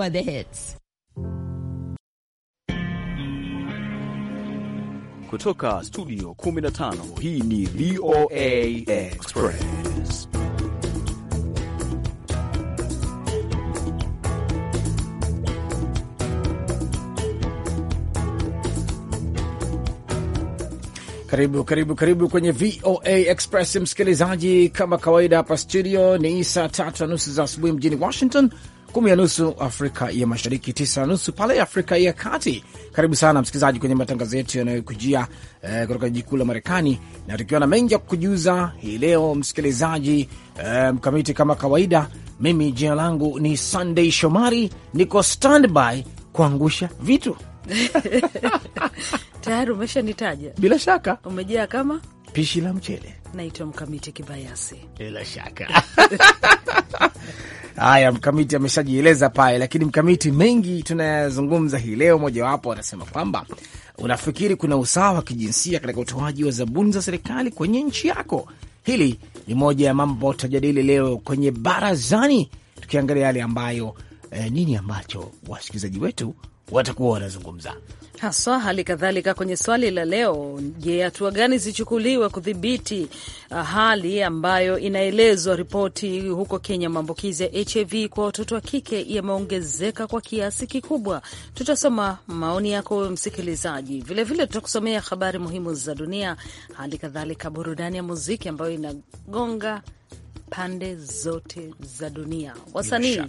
for the hits. Kutoka studio 15 hii ni VOA Express. Karibu karibu karibu kwenye VOA Express msikilizaji, kama kawaida hapa studio ni saa tatu na nusu za asubuhi mjini Washington kumi na nusu Afrika ya Mashariki, tisa na nusu pale Afrika ya Kati. Karibu sana msikilizaji kwenye matangazo yetu yanayokujia eh, kutoka jiji kuu la Marekani, na tukiwa na mengi ya kukujuza hii leo msikilizaji. Eh, mkamiti kama kawaida, mimi jina langu ni Sunday Shomari, niko standby kuangusha vitu tayari umeshanitaja, bila shaka umejaa kama pishi la mchele. Naitwa Mkamiti Kibayasi, bila shaka Haya, mkamiti ameshajieleza pale, lakini mkamiti, mengi tunayazungumza hii leo. Mojawapo anasema kwamba unafikiri kuna usawa wa kijinsia katika utoaji wa zabuni za serikali kwenye nchi yako? Hili ni moja ya mambo tutajadili leo kwenye barazani, tukiangalia yale ambayo eh, nini ambacho wasikilizaji wetu watakuwa wanazungumza haswa. Hali kadhalika kwenye swali la leo, je, hatua gani zichukuliwe kudhibiti uh, hali ambayo inaelezwa ripoti huko Kenya maambukizi ya HIV kwa watoto wa kike yameongezeka kwa kiasi kikubwa? Tutasoma maoni yako wewe msikilizaji, vilevile tutakusomea habari muhimu za dunia, hali kadhalika burudani ya muziki ambayo inagonga pande zote za dunia. Wasanii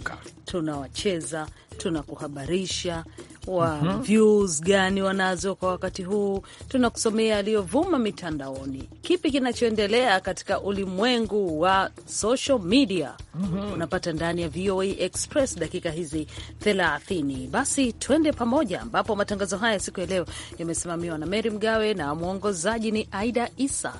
tunawacheza, tunakuhabarisha wa mm -hmm. views gani wanazo kwa wakati huu, tunakusomea aliyovuma mitandaoni, kipi kinachoendelea katika ulimwengu wa social media mm -hmm. unapata ndani ya VOA Express dakika hizi 30. Basi twende pamoja, ambapo matangazo haya siku ya leo yamesimamiwa na mery Mgawe na mwongozaji ni Aida Isa.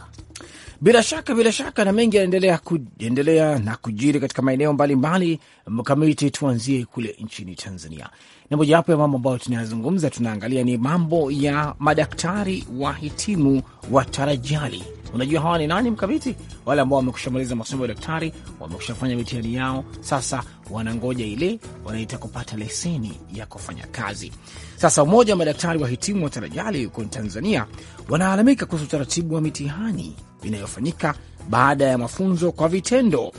Bila shaka, bila shaka, na mengi yanaendelea kuendelea na kujiri katika maeneo mbalimbali. Mkamiti, tuanzie kule nchini Tanzania, na mojawapo ya mambo ambayo tunayazungumza, tunaangalia ni mambo ya madaktari wahitimu wa tarajali Unajua hawa ni nani mkamiti? Wale ambao wamekushamaliza masomo ya daktari, wamekushafanya mitihani yao, sasa wanangoja ile wanaita kupata leseni ya kufanya kazi. Sasa umoja wa madaktari wahitimu wa tarajali huko Tanzania wanaalamika kuhusu utaratibu wa mitihani inayofanyika baada ya mafunzo kwa vitendo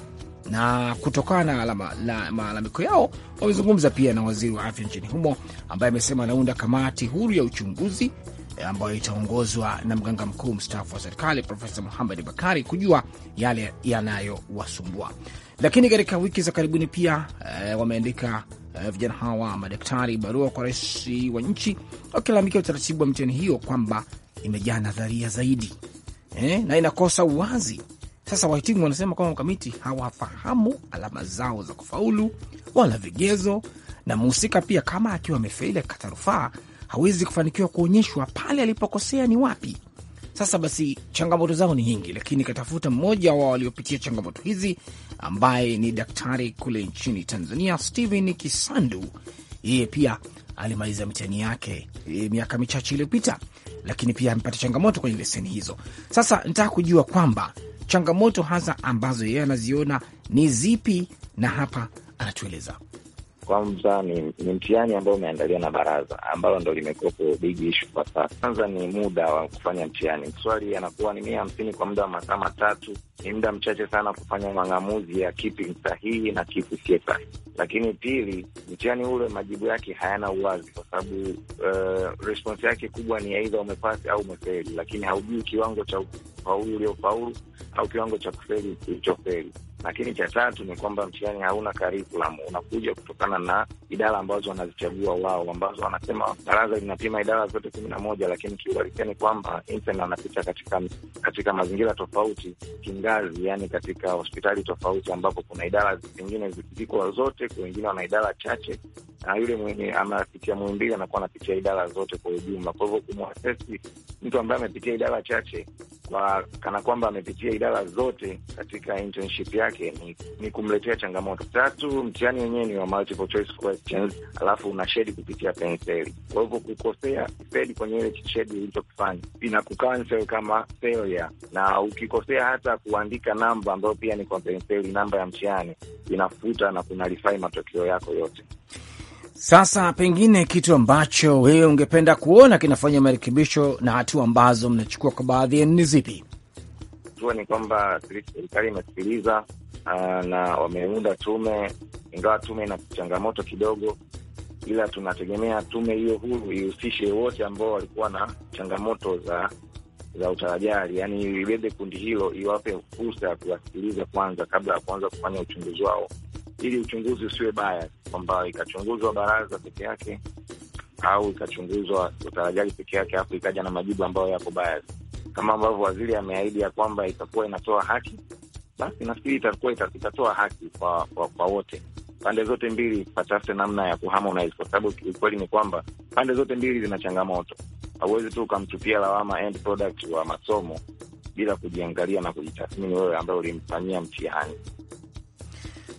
na kutokana na malalamiko yao wamezungumza pia na waziri wa afya nchini humo ambaye amesema anaunda kamati huru ya uchunguzi Eh, ambayo itaongozwa na mganga mkuu mstaafu wa serikali Profesa Muhamed Bakari kujua yale yanayowasumbua. Lakini katika wiki za karibuni pia e, wameandika e, vijana hawa madaktari barua kwa rais wa nchi wakilalamikia utaratibu wa mitihani hiyo kwamba imejaa nadharia zaidi e, na inakosa uwazi. Sasa wahitimu wanasema kwamba mkamiti hawafahamu alama zao za kufaulu wala vigezo, na mhusika pia kama akiwa amefeili katarufaa rufaa hawezi kufanikiwa kuonyeshwa pale alipokosea ni wapi. Sasa basi, changamoto zao ni nyingi, lakini katafuta mmoja wa waliopitia changamoto hizi ambaye ni daktari kule nchini Tanzania, Steven Kisandu. Yeye pia alimaliza mitihani yake e, miaka michache iliyopita, lakini pia amepata changamoto kwenye leseni hizo. Sasa nitaka kujua kwamba changamoto hasa ambazo yeye anaziona ni zipi, na hapa anatueleza. Kwanza ni, ni mtihani ambao umeandaliwa na baraza ambalo ndo limekuwepo big issue kwa sasa. Kwanza ni muda wa kufanya mtihani, swali yanakuwa ni mia hamsini kwa muda wa masaa matatu. Ni muda mchache sana kufanya mang'amuzi ya kipi sahihi na kipi sie sahihi. Lakini pili, mtihani ule majibu yake hayana uwazi, kwa sababu uh, response yake kubwa ni aidha umepasi au umefeli, lakini haujui kiwango cha ufaulu uliofaulu au kiwango cha kufeli ulichofeli. Lakini cha tatu ni kwamba mtihani hauna karikulam unakuja kutokana na idara ambazo wanazichagua wao, ambazo wanasema baraza linapima idara zote kumi na moja, lakini kiuhalisia ni kwamba intern anapita katika katika mazingira tofauti kingazi, yani katika hospitali tofauti, ambapo kuna idara zingine ziko zote, wengine wana idara chache, na yule mwenye anapitia mwimbili anakuwa anapitia idara zote kwa ujumla. Kwa hivyo kumwasesi mtu ambaye amepitia idara chache kwa kana kwamba amepitia idara zote katika internship yake yake ni, ni kumletea changamoto. Tatu, mtihani wenyewe ni wa multiple choice questions, alafu una shedi kupitia penseli. Kwa hivyo kukosea shedi kwenye ile shedi ulichokifanya inakukansel kama failure, na ukikosea hata kuandika namba ambayo pia ni kwa penseli, namba ya mtihani inafuta na kunalifai matokeo yako yote. Sasa pengine kitu ambacho wewe ungependa kuona kinafanya marekebisho na hatua ambazo mnachukua kwa baadhi yenu ni zipi? Hatua ni kwamba serikali imesikiliza Ah, na wameunda tume, ingawa tume ina changamoto kidogo, ila tunategemea tume hiyo huru ihusishe wote ambao walikuwa na changamoto za za utarajari, yaani ibebe kundi hilo, iwape fursa ya kuwasikiliza kwanza kabla ya kuanza kufanya uchunguzi wao, ili uchunguzi usiwe baya kwamba ikachunguzwa baraza peke yake au ikachunguzwa utarajari peke yake, alafu ikaja na majibu ambayo yako baya, kama ambavyo waziri ameahidi ya kwamba itakuwa inatoa haki basi nafikiri itakuwa itatoa haki kwa, kwa, kwa wote pande zote mbili patafute namna ya kuharmonize kwa sababu ukweli ni kwamba pande zote mbili zina changamoto. Hauwezi tu ukamtupia lawama end product wa masomo bila kujiangalia na kujitathmini wewe ambaye ulimfanyia mtihani.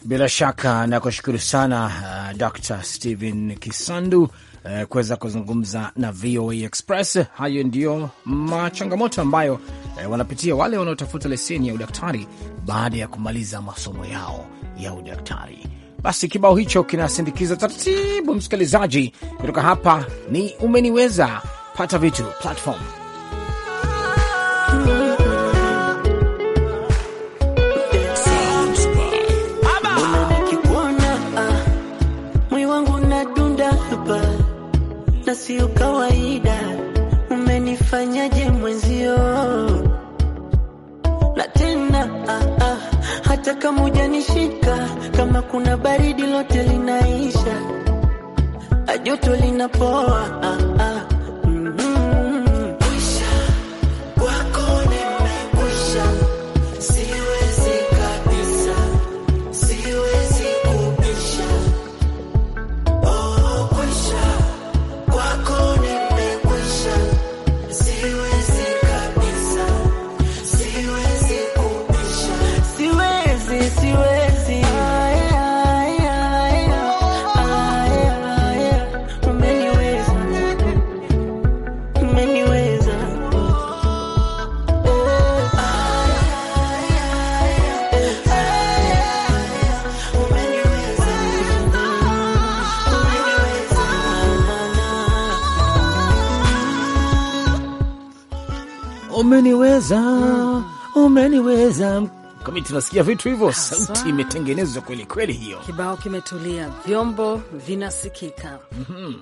Bila shaka nakushukuru sana uh, Dr. Steven Kisandu eh, kuweza kuzungumza na VOA e Express. Hayo ndiyo machangamoto ambayo eh, wanapitia wale wanaotafuta leseni ya udaktari baada ya kumaliza masomo yao ya udaktari. Basi kibao hicho kinasindikiza taratibu, msikilizaji, kutoka hapa ni umeniweza pata vitu platform sio kawaida, umenifanyaje mwenzio? Na tena ah, ah, hata kama hujanishika, kama kuna baridi lote linaisha, ajoto linapoa ah, ah. umeniweza hmm. umeniweza kama tunasikia vitu hivyo, sauti imetengenezwa kweli kweli, hiyo kibao kimetulia, vyombo vinasikika mm -hmm.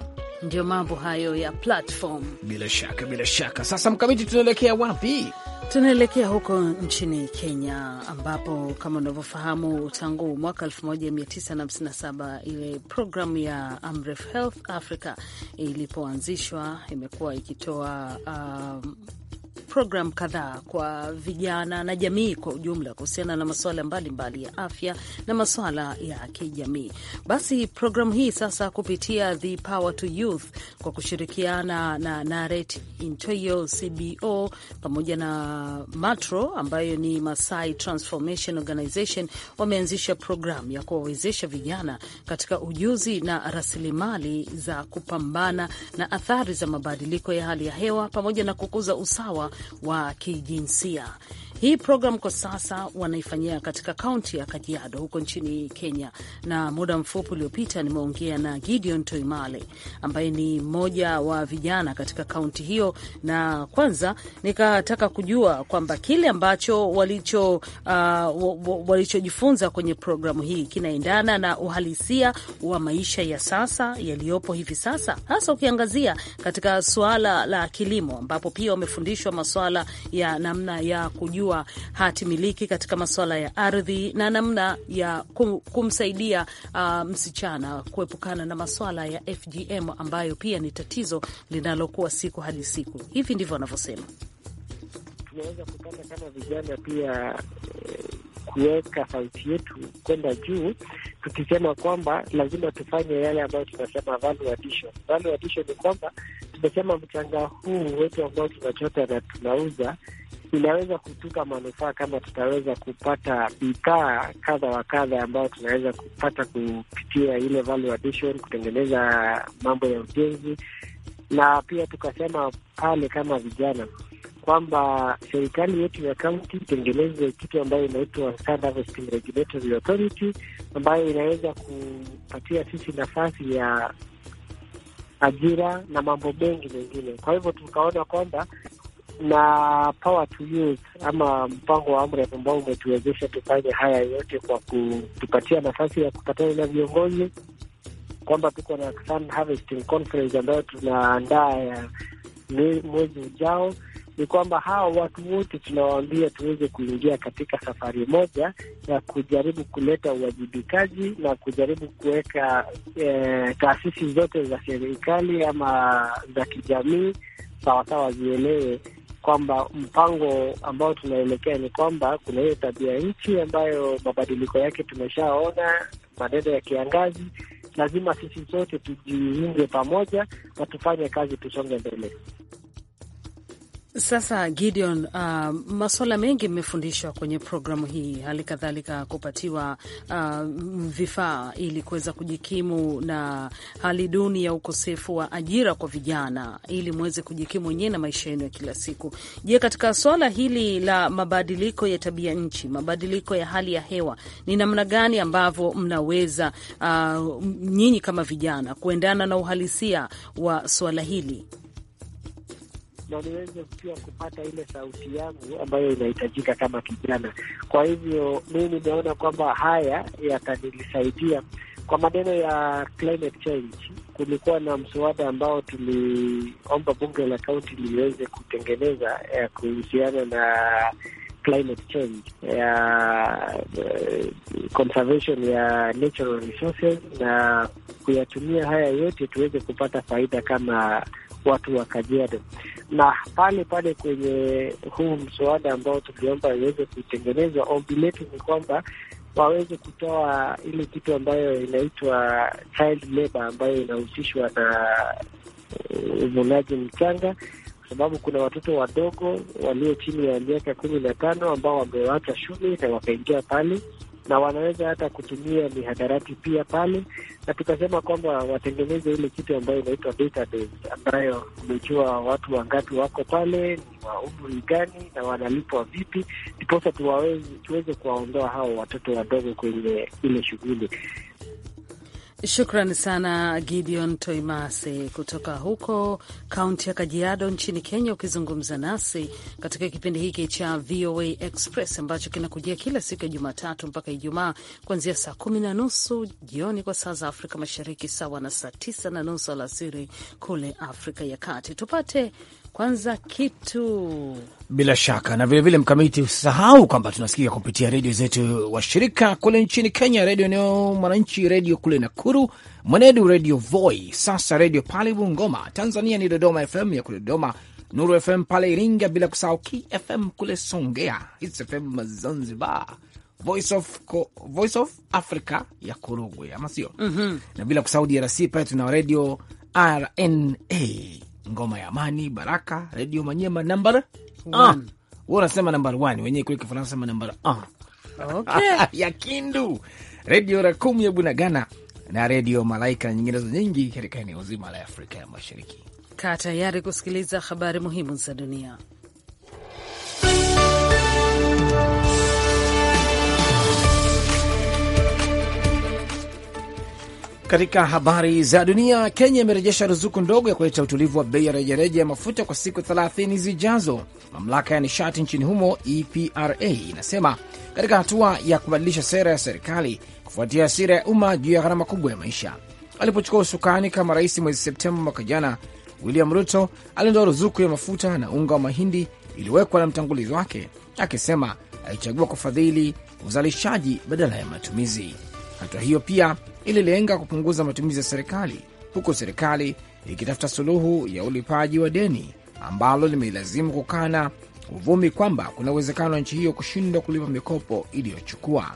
Ndio mambo hayo ya platform, bila shaka, bila shaka. Sasa Mkamiti, tunaelekea wapi? Tunaelekea huko nchini Kenya ambapo kama unavyofahamu tangu mwaka 1957 ile programu ya Amref Health Africa ilipoanzishwa imekuwa ikitoa um, programu kadhaa kwa vijana na jamii kwa ujumla kuhusiana na masuala mbalimbali ya afya na masuala ya kijamii. Basi programu hii sasa kupitia The Power to Youth kwa kushirikiana na Naret Intoyo CBO pamoja na Matro ambayo ni Masai Transformation Organization wameanzisha programu ya kuwawezesha vijana katika ujuzi na rasilimali za kupambana na athari za mabadiliko ya hali ya hewa pamoja na kukuza usawa usawa wa kijinsia. Hii programu kwa sasa wanaifanyia katika kaunti ya Kajiado huko nchini Kenya, na muda mfupi uliopita nimeongea na Gideon Toimale ambaye ni mmoja wa vijana katika kaunti hiyo, na kwanza nikataka kujua kwamba kile ambacho walicho uh, walichojifunza kwenye programu hii kinaendana na uhalisia wa maisha ya sasa yaliyopo hivi sasa, hasa ukiangazia katika suala la kilimo, ambapo pia wamefundishwa masuala ya namna ya kujua kujua hati miliki katika masuala ya ardhi na namna ya kum, kumsaidia uh, msichana kuepukana na masuala ya FGM ambayo pia ni tatizo linalokuwa siku hadi siku. Hivi ndivyo wanavyosema. Tunaweza kupata kama vijana pia eh, kuweka sauti yetu kwenda juu, tukisema kwamba lazima tufanye yale ambayo tunasema value addition. Value addition ni kwamba tumesema mchanga huu wetu ambao tunachota na tunauza inaweza kutupa manufaa kama tutaweza kupata bidhaa kadha wa kadha ambayo tunaweza kupata kupitia ile value addition, kutengeneza mambo ya ujenzi, na pia tukasema pale kama vijana kwamba serikali yetu ya kaunti itengeneze kitu ambayo inaitwa Harvesting Regulatory Authority ambayo inaweza kupatia sisi nafasi ya ajira na mambo mengi mengine. Kwa hivyo tukaona kwamba na power to use ama mpango wa amri ambao umetuwezesha tufanye haya yote kwa kutupatia nafasi ya kupatana na viongozi, kwamba tuko na Sun Harvesting Conference ambayo tunaandaa ya mwezi ujao. Ni kwamba hawa watu wote tunawaambia tuweze kuingia katika safari moja ya kujaribu kuleta uwajibikaji na kujaribu kuweka eh, taasisi zote za serikali ama za kijamii sawasawa zielewe kwamba mpango ambao tunaelekea ni kwamba kuna hiyo tabia nchi ambayo mabadiliko yake tumeshaona, maneno ya kiangazi. Lazima sisi sote tujiunge pamoja na tufanye kazi, tusonge mbele. Sasa Gideon, uh, masuala mengi mmefundishwa kwenye programu hii, hali kadhalika kupatiwa uh, vifaa ili kuweza kujikimu na hali duni ya ukosefu wa ajira kwa vijana, ili mweze kujikimu wenyewe na maisha yenu ya kila siku. Je, katika swala hili la mabadiliko ya tabia nchi, mabadiliko ya hali ya hewa, ni namna gani ambavyo mnaweza uh, nyinyi kama vijana kuendana na uhalisia wa swala hili? na niweze pia kupata ile sauti yangu ambayo inahitajika kama kijana. Kwa hivyo mimi nimeona kwamba haya yatanilisaidia. Kwa maneno ya climate change, kulikuwa na mswada ambao tuliomba bunge la kaunti liweze kutengeneza ya eh, kuhusiana na climate change ya uh, conservation ya natural resources na kuyatumia haya yote tuweze kupata faida kama watu wa Kajiado. Na pale pale kwenye huu mswada ambao tuliomba iweze kutengenezwa, ombi letu ni kwamba waweze kutoa ile kitu ambayo inaitwa child labor ambayo inahusishwa na eh, uvunaji mchanga sababu kuna watoto wadogo walio chini ya miaka kumi na tano ambao wamewacha shule na wakaingia pale na wanaweza hata kutumia mihadarati pia pale, na tukasema kwamba watengeneze ile kitu ambayo inaitwa database, ambayo umejua watu wangapi wako pale, ni wa umri gani na wanalipwa vipi, ndiposa tuweze kuwaondoa hao watoto wadogo kwenye ile shughuli. Shukran sana Gideon Toimasi kutoka huko kaunti ya Kajiado nchini Kenya, ukizungumza nasi katika kipindi hiki cha VOA Express ambacho kinakujia kila siku ya Jumatatu mpaka Ijumaa kuanzia saa kumi na nusu jioni kwa saa za Afrika Mashariki, sawa na saa tisa na nusu alasiri kule Afrika ya Kati. Tupate kwanza kitu bila shaka na vilevile, Mkamiti, usisahau kwamba tunasikika kupitia redio zetu washirika kule nchini Kenya, redio Eneo Mwananchi, redio kule Nakuru, Mwenedu redio Voi, sasa redio pale Bungoma. Tanzania ni Dodoma FM ya kule Dodoma, Nuru FM pale Iringa, bila kusahau KFM kule Songea, Hits FM Zanzibar, Voice of, Voice of Africa ya Korogwe, ama sio? mm -hmm. na bila kusahau DRC pale tuna redio RNA ngoma ya amani, Baraka redio Manyema nambar ah, we unasema nambar one, wenyewe kule Kifaransa sema Okay. ya Kindu, redio Rakumu ya Bunagana na redio Malaika nyinginezo nyingi katika eneo zima la Afrika ya Mashariki. Kaa tayari kusikiliza habari muhimu za dunia. Katika habari za dunia, Kenya imerejesha ruzuku ndogo ya kuleta utulivu wa bei ya rejareja ya mafuta kwa siku 30 zijazo. Mamlaka ya nishati nchini humo EPRA inasema katika hatua ya kubadilisha sera ya serikali kufuatia hasira ya umma juu ya gharama kubwa ya maisha. Alipochukua usukani kama rais mwezi Septemba mwaka jana, William Ruto aliondoa ruzuku ya mafuta na unga wa mahindi iliyowekwa na mtangulizi wake, akisema alichagua kufadhili uzalishaji badala ya matumizi. Hatua hiyo pia ililenga kupunguza matumizi ya serikali, huku serikali ikitafuta suluhu ya ulipaji wa deni ambalo limeilazimu kukana uvumi kwamba kuna uwezekano wa nchi hiyo kushindwa kulipa mikopo iliyochukua.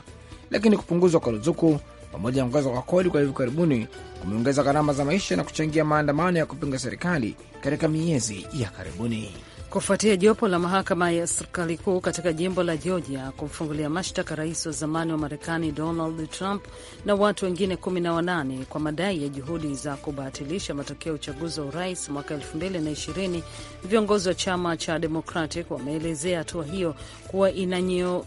Lakini kupunguzwa kwa ruzuku pamoja na kuongezwa kwa kodi kwa hivi karibuni kumeongeza gharama za maisha na kuchangia maandamano ya kupinga serikali katika miezi ya karibuni kufuatia jopo la mahakama ya serikali kuu katika jimbo la Georgia kumfungulia mashtaka rais wa zamani wa Marekani Donald Trump na watu wengine 18 kwa madai ya juhudi za kubatilisha matokeo ya uchaguzi wa urais mwaka 2020. Viongozi wa chama cha Democratic wameelezea hatua hiyo kuwa inanyo,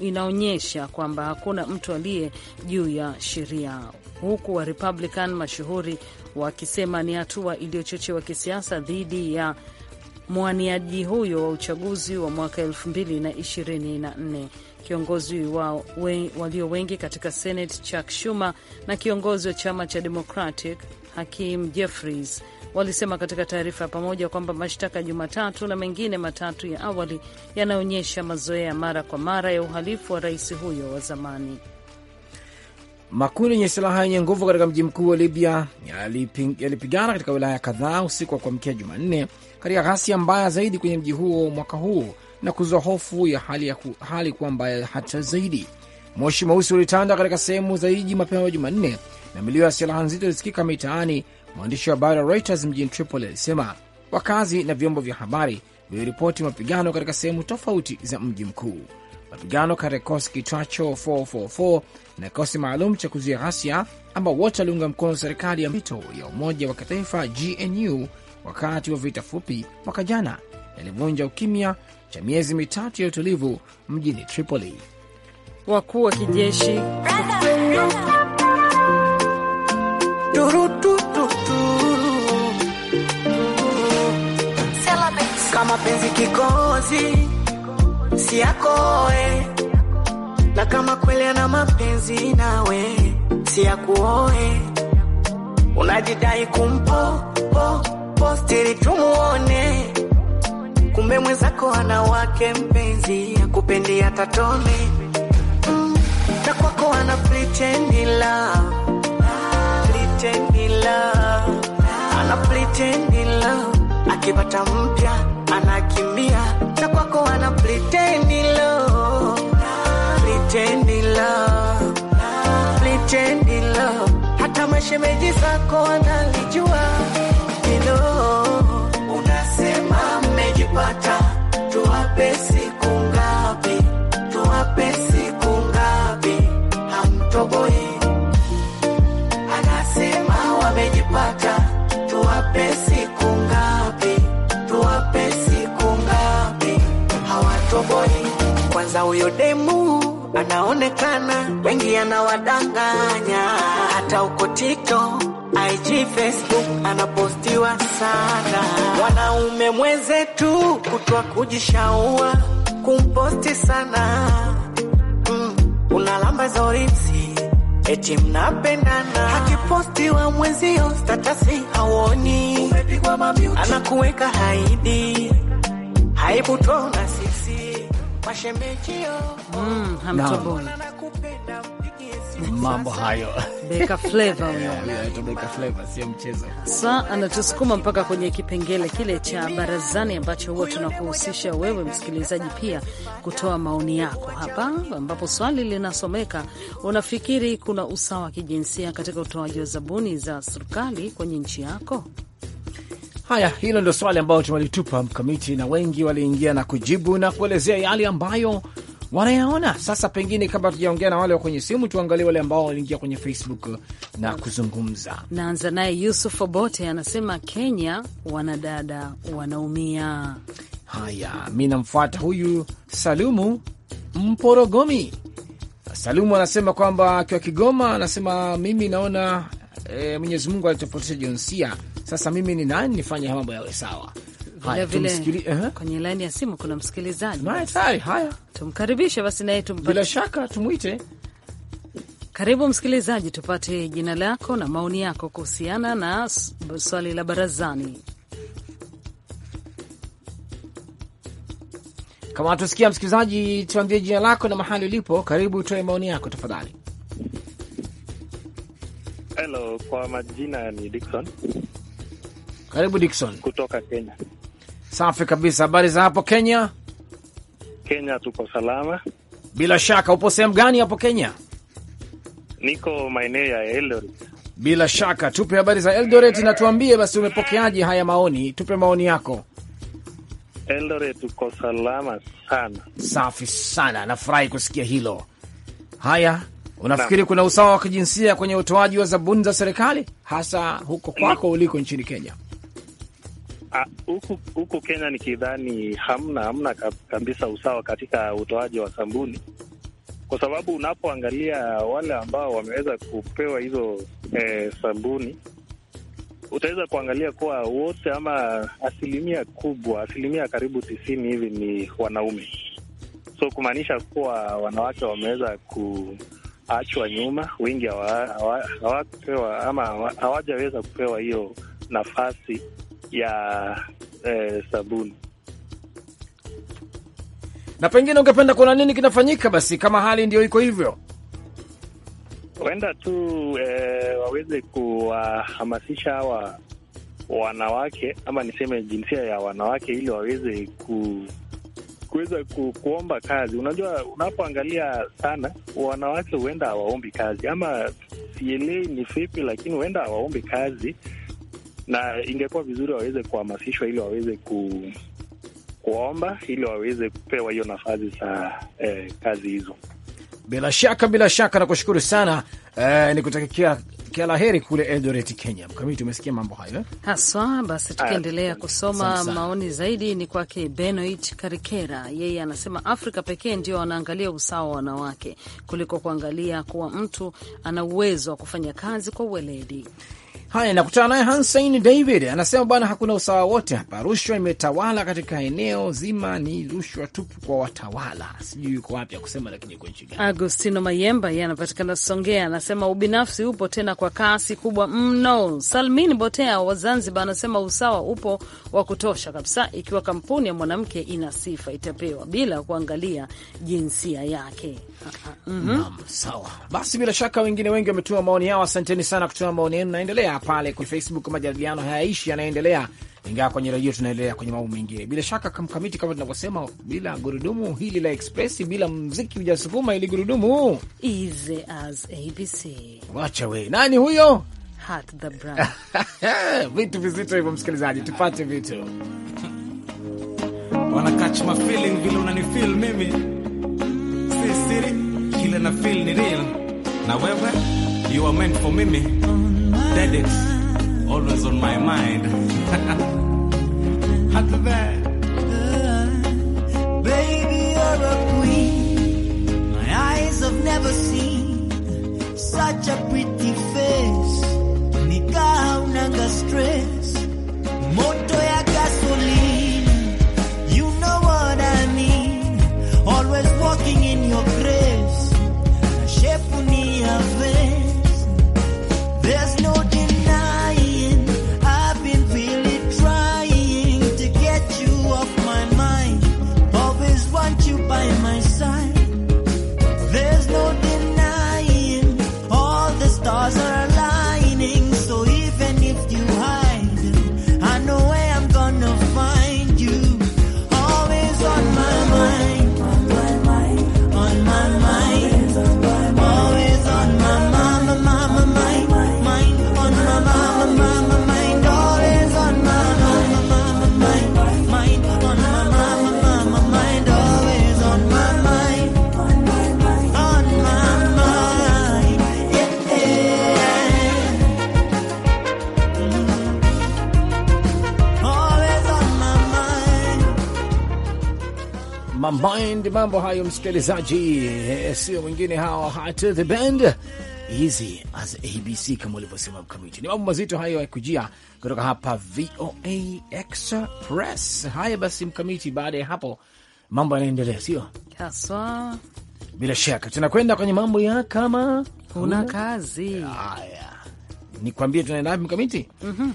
inaonyesha kwamba hakuna mtu aliye juu ya sheria huku wa Republican mashuhuri wakisema ni hatua iliyochochewa kisiasa dhidi ya mwaniaji huyo wa uchaguzi wa mwaka 224 Kiongozi wa we, walio wengi katika Senate Chuck Schumer na kiongozi wa chama cha Democratic Hakim Jeffries walisema katika taarifa ya pamoja kwamba mashtaka ya Jumatatu na mengine matatu ya awali yanaonyesha mazoea ya mara kwa mara ya uhalifu wa rais huyo wa zamani. Makundi yenye silaha yenye nguvu katika mji mkuu wa Libya yalipigana katika wilaya kadhaa usiku wa kuamkia Jumanne katika ghasia mbaya zaidi kwenye mji huo mwaka huu na kuzua hofu ya hali, ya ku, hali kuwa mbaya hata zaidi. Moshi mweusi ulitanda katika sehemu za jiji mapema Jumanne na milio ya silaha nzito ilisikika mitaani. Mwandishi wa habari wa Reuters mjini Tripoli alisema wakazi na vyombo vya habari viliripoti mapigano katika sehemu tofauti za mji mkuu. Mapigano katika kikosi kitwacho 444 na kikosi maalum cha kuzuia ghasia ambao wote waliunga mkono serikali ya mpito ya umoja wa kitaifa GNU wakati wa vita fupi mwaka jana yalivunja ukimya cha miezi mitatu ya utulivu mjini Tripoli. Wakuu wa kijeshi kama penzi kikozi na kama kweli ana mapenzi nawe, si ya kuoe, unajidai kumpo po postiri tumuone, kumbe mwenzako ana wake mpenzi, akupendi hata tone na kwako ana pretend love, pretend love, ana pretend love, akipata mpya anakimbia, na kwako ana pretend love shemeji zako analijua hilo, unasema mmejipata, tuwape siku ngapi? Tuwape siku ngapi? Hamtoboi, anasema wamejipata, ngapi? Kwanza huyo demu anaonekana, wengi anawadanganya hata uko TikTok, IG, Facebook anapostiwa sana. Wanaume mwenzetu kutwa kujishaua kumposti sana mm, za zoritsi eti mnapendana, akipostiwa mwenzio statasi hawoni, anakuweka haidi haibu tona sisi mashembechio mm, hamtoboni mambo hayo Beka Flavor sio mchezo. Sa anatusukuma mpaka kwenye kipengele kile cha barazani ambacho huwa tunakuhusisha wewe msikilizaji pia kutoa maoni yako hapa, ambapo swali linasomeka: unafikiri kuna usawa wa kijinsia katika utoaji wa zabuni za serikali kwenye nchi yako? Haya, hilo ndio swali ambayo tumelitupa mkamiti, na wengi waliingia na kujibu na kuelezea yale ambayo wanayaona. Sasa pengine kabla tujaongea na wale wa kwenye simu, tuangalie wale ambao waliingia kwenye Facebook na kuzungumza. Naanza naye Yusuf Obote anasema, Kenya wanadada wanaumia. Haya, mi namfuata huyu Salumu Mporogomi. Salumu anasema kwamba akiwa Kigoma, anasema mimi naona e, Mwenyezi Mungu alitofautisha jinsia. Sasa mimi ni nani nifanye mambo yawe sawa? vilevile kwenye laini ya simu kuna msikilizaji. Haya, tumkaribishe basi naye tumpate, bila shaka tumwite. Karibu msikilizaji, tupate jina lako na maoni yako kuhusiana na swali la barazani. Kama tusikia msikilizaji, tuambie jina lako na mahali ulipo. Karibu utoe maoni yako tafadhali. Hello, kwa majina ni Dickson. Karibu Dickson. Kutoka Kenya. Safi kabisa. Habari za hapo Kenya? Kenya tuko salama. Bila shaka upo sehemu gani hapo Kenya? Niko maeneo ya Eldoret. Bila shaka tupe habari za Eldoret na tuambie basi umepokeaje haya maoni, tupe maoni yako. Eldoret tuko salama sana. Safi sana, nafurahi kusikia hilo. Haya, unafikiri na kuna usawa wa kijinsia kwenye utoaji wa zabuni za serikali hasa huko kwako uliko nchini Kenya? Ah, huku Kenya nikidhani hamna hamna kabisa usawa katika utoaji wa sabuni, kwa sababu unapoangalia wale ambao wameweza kupewa hizo eh, sabuni utaweza kuangalia kuwa wote ama asilimia kubwa, asilimia karibu tisini hivi ni wanaume, so kumaanisha kuwa wanawake wameweza kuachwa nyuma, wengi hawapewa ama hawajaweza kupewa hiyo nafasi ya eh, sabuni. Na pengine ungependa kuona nini kinafanyika basi, kama hali ndio iko hivyo? Huenda tu eh, waweze kuwahamasisha hawa wanawake ama niseme jinsia ya wanawake, ili waweze ku kuweza ku, kuomba kazi. Unajua, unapoangalia sana wanawake huenda hawaombi kazi, ama sielewi ni vipi, lakini huenda hawaombi kazi na ingekuwa vizuri waweze kuhamasishwa ili waweze ku kuomba ili waweze kupewa hiyo nafasi za eh, kazi hizo. Bila shaka, bila shaka nakushukuru sana eh, nikutakia kila heri kule Eldoret, Kenya. Mkamiti, umesikia mambo hayo eh? haswa. Basi ah, tukiendelea kusoma Samsa, maoni zaidi ni kwake Benoit Karikera. Yeye anasema Afrika pekee ndio wanaangalia usawa wa wanawake kuliko kuangalia kuwa mtu ana uwezo wa kufanya kazi kwa uweledi. Haya, nakutana naye Hansain David anasema, bwana, hakuna usawa wote hapa, rushwa imetawala katika eneo zima, ni rushwa tupu kwa watawala. Sijui yuko wapi kusema, lakini yuko nchi gani? Agostino Mayemba yeye anapatikana Songea, anasema ubinafsi upo tena kwa kasi kubwa mno. Salmin Botea wa Zanzibar anasema usawa upo wa kutosha kabisa, ikiwa kampuni ya mwanamke ina sifa itapewa bila kuangalia jinsia yake. mm -hmm. Basi bila shaka wengine wengi wametuma maoni yao, asanteni sana kutuma maoni yenu, naendelea pale kwenye Facebook, majadiliano hayaishi, yanaendelea ingawa kwenye redio tunaendelea kwenye mambo mengine. Bila shaka kamkamiti, kama tunavyosema, bila gurudumu hili la express, bila mziki hujasukuma ili gurudumu. Easy as ABC. Wacha we, nani huyo? Hat the brand vitu vizito hivyo, msikilizaji, tupate vitu wana catch my feeling, vile unani feel mimi, si kile na feel ni real, na wewe you are meant for mimi mm. Dedex, always on my mind. Baby, you're a queen. My eyes have never seen such a pretty face. Nikaw na mind Mambo hayo msikilizaji, eh, sio mwingine hawa hata the band Easy as ABC kama ulivyosema mkamiti. Ni mambo mazito hayo yakujia kutoka hapa VOA Express. Haya basi, mkamiti, baada ya hapo mambo yanaendelea, sio haswa? Bila shaka tunakwenda kwenye mambo ya kama kuna kazi. Haya, nikwambie tunaenda wapi mkamiti? mm -hmm.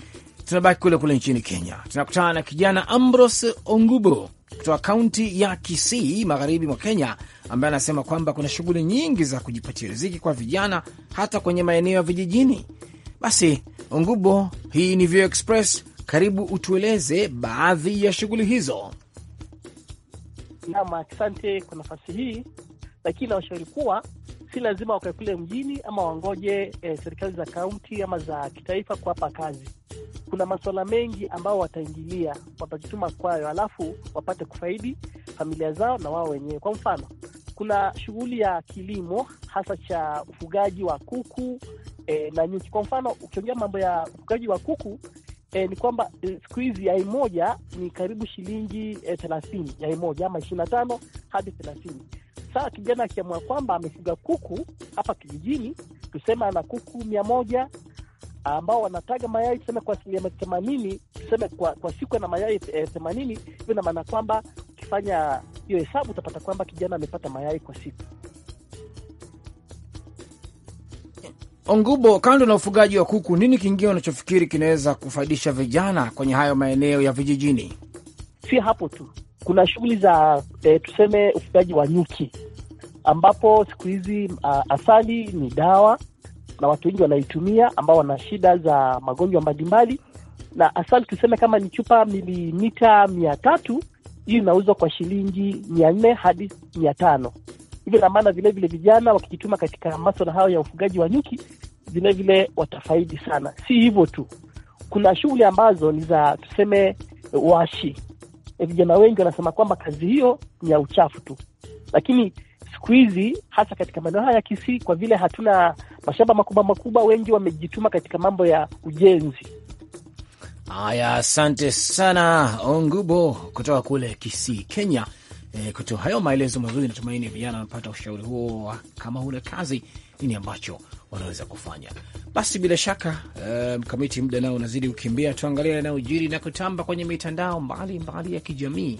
Tunabaki kule kule nchini Kenya, tunakutana na kijana Ambrose Ongubo kutoka kaunti ya Kisii magharibi mwa Kenya, ambaye anasema kwamba kuna shughuli nyingi za kujipatia riziki kwa vijana hata kwenye maeneo ya vijijini. Basi ungubo hii ni Vio Express, karibu utueleze baadhi ya shughuli hizo. nam asante kwa nafasi hii, lakini nawashauri kuwa si lazima wakae kule mjini ama wangoje eh, serikali za kaunti ama za kitaifa kuwapa kazi kuna masuala mengi ambao wataingilia watajituma kwayo, alafu wapate kufaidi familia zao na wao wenyewe. Kwa mfano, kuna shughuli ya kilimo hasa cha ufugaji wa kuku e, na nyuki. Kwa mfano, ukiongea mambo ya ufugaji wa kuku e, ni kwamba e, siku hizi yai moja ni karibu shilingi e, thelathini, yai moja ama ishirini na tano hadi thelathini. Saa kijana akiamua kwamba amefuga kuku hapa kijijini, tuseme ana kuku mia moja ambao wanataga mayai tuseme kwa asilimia themanini, tuseme kwa, kwa siku na mayai eh, themanini. Hiyo ina maana kwamba ukifanya hiyo hesabu utapata kwamba kijana amepata mayai kwa siku. Ongubo, kando na ufugaji wa kuku, nini kingine unachofikiri kinaweza kufaidisha vijana kwenye hayo maeneo ya vijijini? Si hapo tu, kuna shughuli za e, tuseme ufugaji wa nyuki, ambapo siku hizi ah, asali ni dawa na watu wengi wanaitumia ambao wana shida za magonjwa mbalimbali, na asali tuseme kama ni chupa milimita mia tatu hiyo inauzwa kwa shilingi mia nne hadi mia tano hivyo na maana vilevile vijana wakijituma katika maswala hayo ya ufugaji wa nyuki vilevile watafaidi sana. Si hivyo tu, kuna shughuli ambazo ni za tuseme washi. E, vijana wengi wanasema kwamba kazi hiyo ni ya uchafu tu, lakini siku hizi hasa katika maeneo haya ya Kisii, kwa vile hatuna mashamba makubwa makubwa, wengi wamejituma katika mambo ya ujenzi. Haya, asante sana Ongubo kutoka kule Kisii, Kenya. E, kutoa hayo maelezo mazuri, natumaini vijana wamepata ushauri huo. Kama huna kazi, nini ambacho wanaweza kufanya? Basi bila shaka mkamiti, e, mkamiti, muda nao unazidi kukimbia. Tuangalie yanayojiri na kutamba kwenye mitandao mbalimbali mbali ya kijamii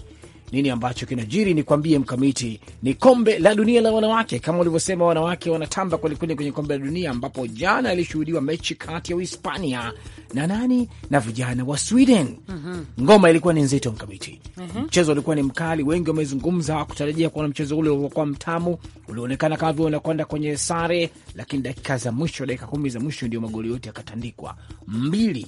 nini ambacho kinajiri, ni mkamiti, ni kombe la dunia la wanawake. Kama ulivyosema, wanawake wanatamba kwelikweli kwenye kombe la dunia, ambapo jana ilishuhudiwa mechi kati ya Uhispania na nani na vijana wa Sweden. mm -hmm. Ngoma ilikuwa ni nzito mkamiti. mm -hmm. Mchezo ulikuwa ni mkali, wengi wamezungumza kutarajia kuona mchezo ule uliokuwa mtamu, ulionekana kama vile unakwenda kwenye sare, lakini dakika za mwisho, dakika kumi za mwisho, ndio magoli yote yakatandikwa mbili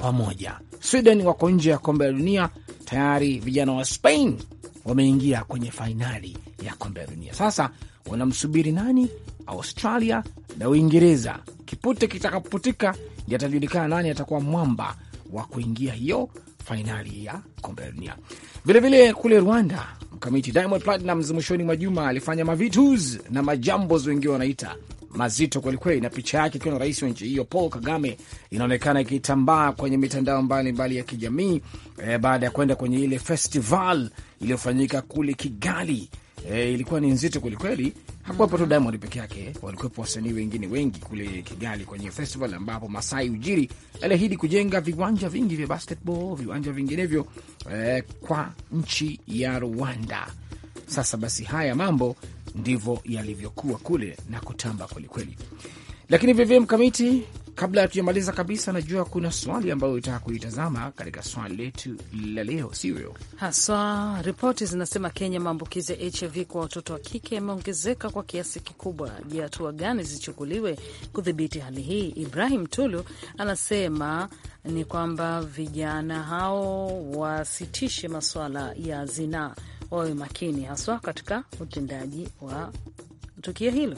pamoja. Sweden wako nje ya kombe la dunia tayari, vijana wa Spain wameingia kwenye fainali ya kombe la dunia. Sasa wanamsubiri nani? Australia na Uingereza. Kipute kitakapoputika ndi atajulikana nani atakuwa mwamba wa kuingia hiyo fainali ya kombe la dunia. Vilevile kule Rwanda, mkamiti Diamond Platnumz mwishoni mwa juma alifanya mavitus na majambos, wengiwe wanaita mazito kwelikweli, na picha yake ikiwa na rais wa nchi hiyo Paul Kagame inaonekana ikitambaa kwenye mitandao mbalimbali mbali ya kijamii e, baada ya kwenda kwenye ile festival iliyofanyika kule Kigali. E, ilikuwa ni nzito kwelikweli hakuwepo tu Diamond peke yake, walikuwepo wasanii wengine wengi kule Kigali kwenye festival, ambapo Masai Ujiri aliahidi kujenga viwanja vingi vya basketball, viwanja vinginevyo eh, kwa nchi ya Rwanda. Sasa basi, haya mambo ndivyo yalivyokuwa kule na kutamba kwelikweli, lakini vivyo mkamiti Kabla tujamaliza kabisa, najua kuna swali ambayo itaka kuitazama katika swali letu la leo, sivyo? Haswa ripoti zinasema Kenya maambukizi ya HIV kwa watoto wa kike yameongezeka kwa kiasi kikubwa. Je, hatua gani zichukuliwe kudhibiti hali hii? Ibrahim Tulu anasema ni kwamba vijana hao wasitishe masuala ya zinaa, wawe makini haswa katika utendaji wa tukio hilo.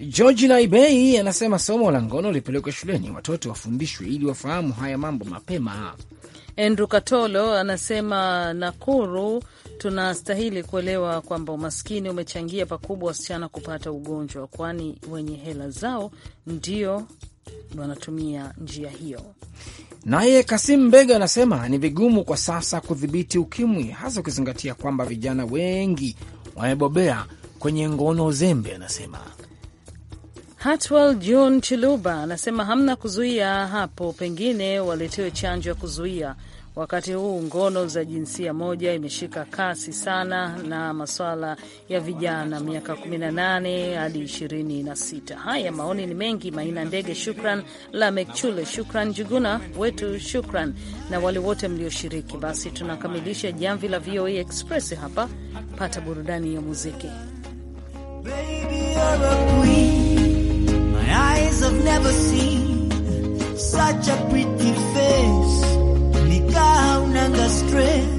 George Laibei anasema somo la ngono lipelekwe shuleni, watoto wafundishwe ili wafahamu haya mambo mapema. Andrew Katolo anasema Nakuru tunastahili kuelewa kwamba umaskini umechangia pakubwa wasichana kupata ugonjwa, kwani wenye hela zao ndio wanatumia njia hiyo. Naye Kasim Bega anasema ni vigumu kwa sasa kudhibiti ukimwi, hasa ukizingatia kwamba vijana wengi wamebobea kwenye ngono zembe. Anasema Hatwell John Chiluba anasema hamna kuzuia hapo, pengine waletewe chanjo ya kuzuia. Wakati huu ngono za jinsia moja imeshika kasi sana, na maswala ya vijana miaka 18 hadi 26. Haya, maoni ni mengi. Maina Ndege, shukran. la Chule, shukran. Juguna wetu, shukran, na wale wote mlioshiriki. Basi tunakamilisha jamvi la VOA e Express hapa. Pata burudani ya muziki Baby, eyes have never seen such a pretty face. Nikaha unanga stress.